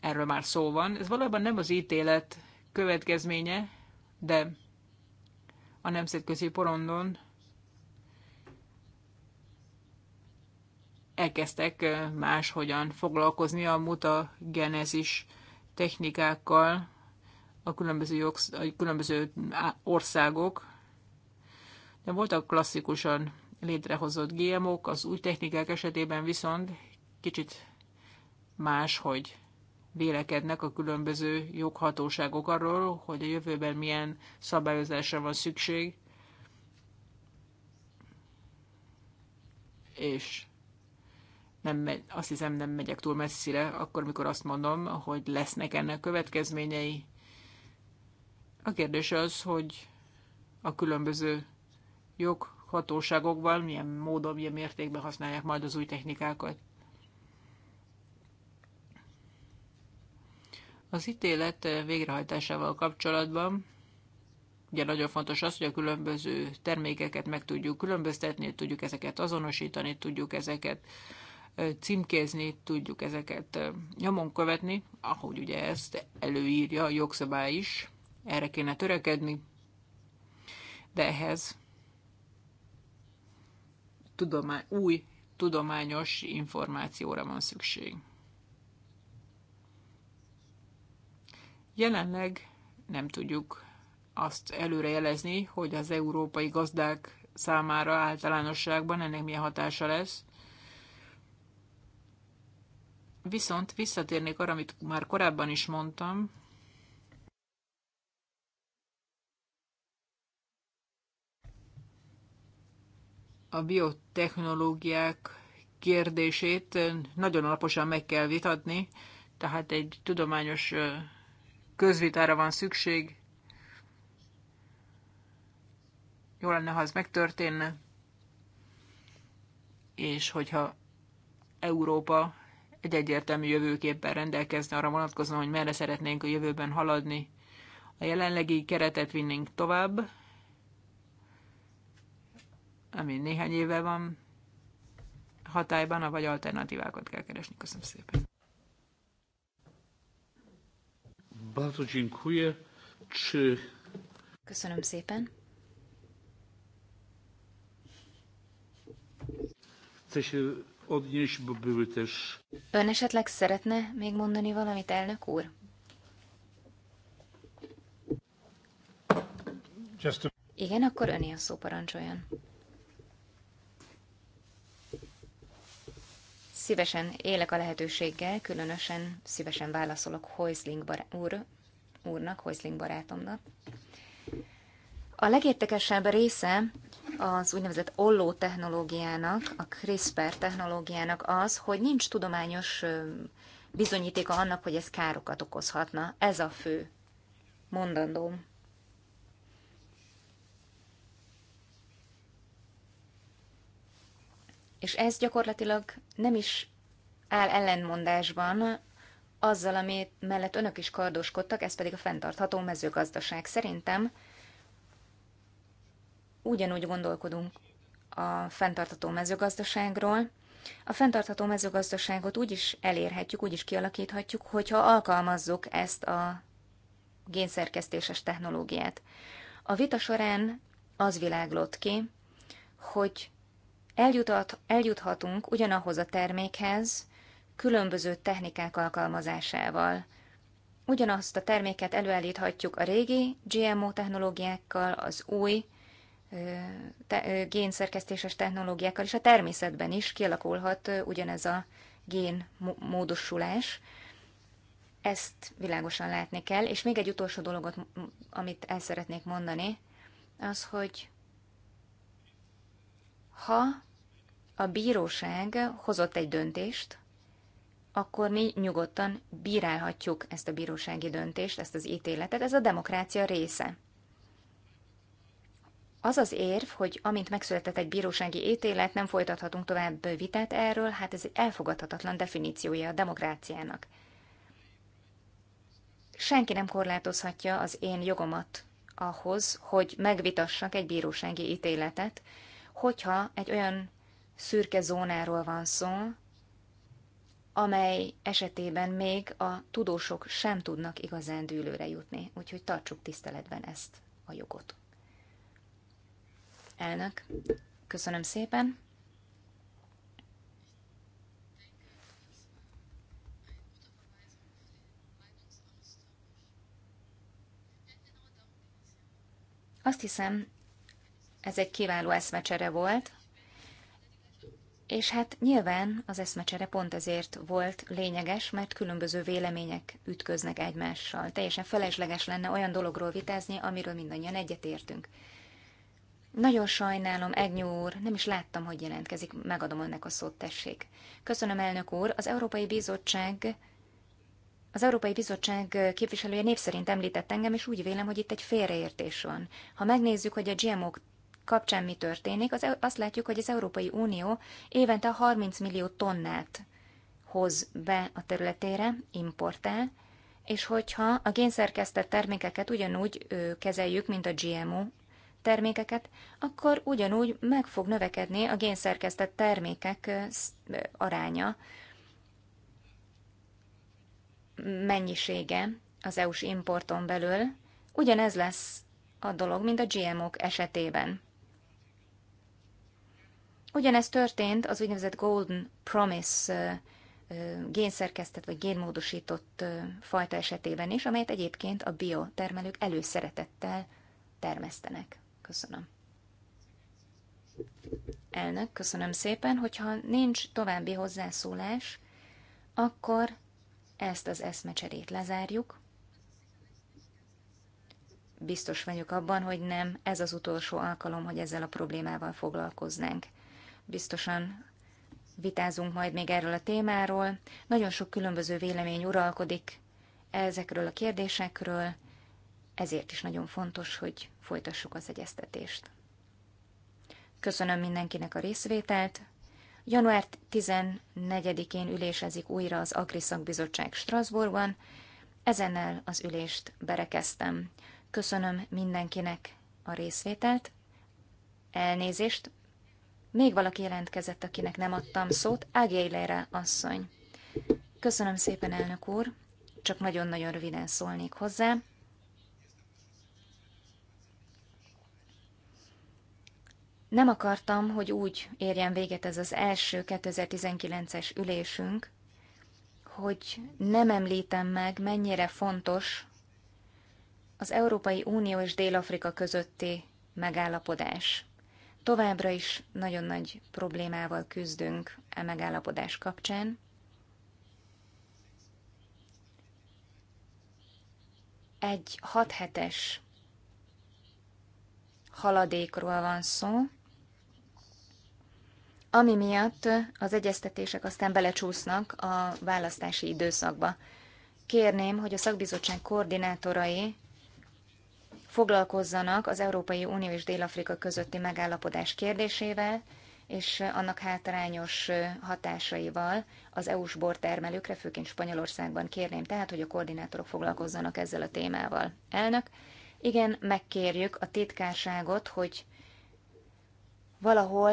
erről már szó van. Ez valójában nem az ítélet következménye, de a nemzetközi porondon elkezdtek máshogyan foglalkozni a mutagenezis technikákkal a különböző, jogsz, a különböző országok. De voltak klasszikusan létrehozott GMO-k, az új technikák esetében viszont kicsit máshogy vélekednek a különböző joghatóságok arról, hogy a jövőben milyen szabályozásra van szükség, és nem megy, azt hiszem nem megyek túl messzire, akkor, mikor azt mondom, hogy lesznek ennek következményei. A kérdés az, hogy a különböző joghatóságokban milyen módon, milyen mértékben használják majd az új technikákat. Az ítélet végrehajtásával kapcsolatban ugye nagyon fontos az, hogy a különböző termékeket meg tudjuk különböztetni, tudjuk ezeket azonosítani, tudjuk ezeket címkézni tudjuk ezeket, nyomon követni, ahogy ugye ezt előírja a jogszabály is, erre kéne törekedni, de ehhez tudomány, új tudományos információra van szükség. Jelenleg nem tudjuk azt előrejelezni, hogy az európai gazdák számára általánosságban ennek milyen hatása lesz, Viszont visszatérnék arra, amit már korábban is mondtam, a biotechnológiák kérdését nagyon alaposan meg kell vitatni, tehát egy tudományos közvitára van szükség. Jó lenne, ha ez megtörténne, és hogyha Európa egy egyértelmű jövőképpen rendelkezni arra vonatkozóan, hogy merre szeretnénk a jövőben haladni. A jelenlegi keretet vinnénk tovább, ami néhány éve van hatályban, vagy alternatívákat kell keresni. Köszönöm szépen. Bardzo dziękuję. Köszönöm szépen. Chce odnieść, były też... Ön esetleg szeretne még mondani valamit, elnök úr? Just Igen, akkor öné a szó parancsoljon. Szívesen élek a lehetőséggel, különösen szívesen válaszolok Hoisling bar- úr, úrnak, Hoisling barátomnak. A legértekesebb része az úgynevezett olló technológiának, a CRISPR technológiának az, hogy nincs tudományos bizonyítéka annak, hogy ez károkat okozhatna. Ez a fő mondandóm. És ez gyakorlatilag nem is áll ellentmondásban azzal, amit mellett önök is kardoskodtak, ez pedig a fenntartható mezőgazdaság. Szerintem ugyanúgy gondolkodunk a fenntartató mezőgazdaságról. A fenntartható mezőgazdaságot úgy is elérhetjük, úgy is kialakíthatjuk, hogyha alkalmazzuk ezt a génszerkesztéses technológiát. A vita során az világlott ki, hogy eljutat, eljuthatunk ugyanahhoz a termékhez, különböző technikák alkalmazásával. Ugyanazt a terméket előállíthatjuk a régi GMO technológiákkal, az új te, génszerkesztéses technológiákkal, és a természetben is kialakulhat ugyanez a gén módosulás. Ezt világosan látni kell. És még egy utolsó dologot, amit el szeretnék mondani, az, hogy ha a bíróság hozott egy döntést, akkor mi nyugodtan bírálhatjuk ezt a bírósági döntést, ezt az ítéletet. Ez a demokrácia része. Az az érv, hogy amint megszületett egy bírósági ítélet, nem folytathatunk tovább vitát erről, hát ez egy elfogadhatatlan definíciója a demokráciának. Senki nem korlátozhatja az én jogomat ahhoz, hogy megvitassak egy bírósági ítéletet, hogyha egy olyan szürke zónáról van szó, amely esetében még a tudósok sem tudnak igazán dűlőre jutni. Úgyhogy tartsuk tiszteletben ezt a jogot. Elnök, köszönöm szépen. Azt hiszem, ez egy kiváló eszmecsere volt, és hát nyilván az eszmecsere pont ezért volt lényeges, mert különböző vélemények ütköznek egymással. Teljesen felesleges lenne olyan dologról vitázni, amiről mindannyian egyetértünk. Nagyon sajnálom, Egnyó úr, nem is láttam, hogy jelentkezik, megadom önnek a szót, tessék. Köszönöm, elnök úr, az Európai Bizottság az Európai Bizottság képviselője név szerint említett engem, és úgy vélem, hogy itt egy félreértés van. Ha megnézzük, hogy a gmo kapcsán mi történik, az, e- azt látjuk, hogy az Európai Unió évente 30 millió tonnát hoz be a területére, importál, és hogyha a génszerkesztett termékeket ugyanúgy kezeljük, mint a GMO termékeket, akkor ugyanúgy meg fog növekedni a génszerkesztett termékek aránya, mennyisége az EU-s importon belül. Ugyanez lesz a dolog, mint a GMO-k esetében. Ugyanez történt az úgynevezett Golden Promise génszerkesztett vagy génmódosított fajta esetében is, amelyet egyébként a biotermelők előszeretettel termesztenek. Köszönöm. Elnök, köszönöm szépen, hogyha nincs további hozzászólás, akkor ezt az eszmecserét lezárjuk. Biztos vagyok abban, hogy nem ez az utolsó alkalom, hogy ezzel a problémával foglalkoznánk. Biztosan vitázunk majd még erről a témáról. Nagyon sok különböző vélemény uralkodik ezekről a kérdésekről ezért is nagyon fontos, hogy folytassuk az egyeztetést. Köszönöm mindenkinek a részvételt. Január 14-én ülésezik újra az Agriszak bizottság Strasbourgban. Ezennel az ülést berekeztem. Köszönöm mindenkinek a részvételt. Elnézést. Még valaki jelentkezett, akinek nem adtam szót. Ágéleire asszony. Köszönöm szépen, elnök úr. Csak nagyon-nagyon röviden szólnék hozzá. Nem akartam, hogy úgy érjen véget ez az első 2019-es ülésünk, hogy nem említem meg, mennyire fontos az Európai Unió és Dél-Afrika közötti megállapodás. Továbbra is nagyon nagy problémával küzdünk e megállapodás kapcsán. Egy 6 hetes haladékról van szó, ami miatt az egyeztetések aztán belecsúsznak a választási időszakba. Kérném, hogy a szakbizottság koordinátorai foglalkozzanak az Európai Unió és Dél-Afrika közötti megállapodás kérdésével, és annak hátrányos hatásaival az EU-s bortermelőkre, főként Spanyolországban kérném tehát, hogy a koordinátorok foglalkozzanak ezzel a témával. Elnök, igen, megkérjük a titkárságot, hogy valahol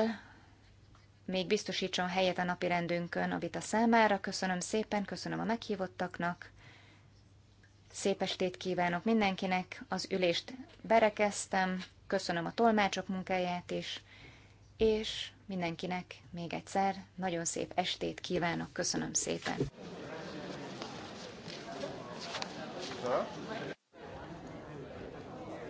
még biztosítson helyet a napi rendünkön a vita számára. Köszönöm szépen, köszönöm a meghívottaknak. Szép estét kívánok mindenkinek, az ülést berekeztem, köszönöm a tolmácsok munkáját is, és mindenkinek még egyszer nagyon szép estét kívánok, köszönöm szépen. Ha?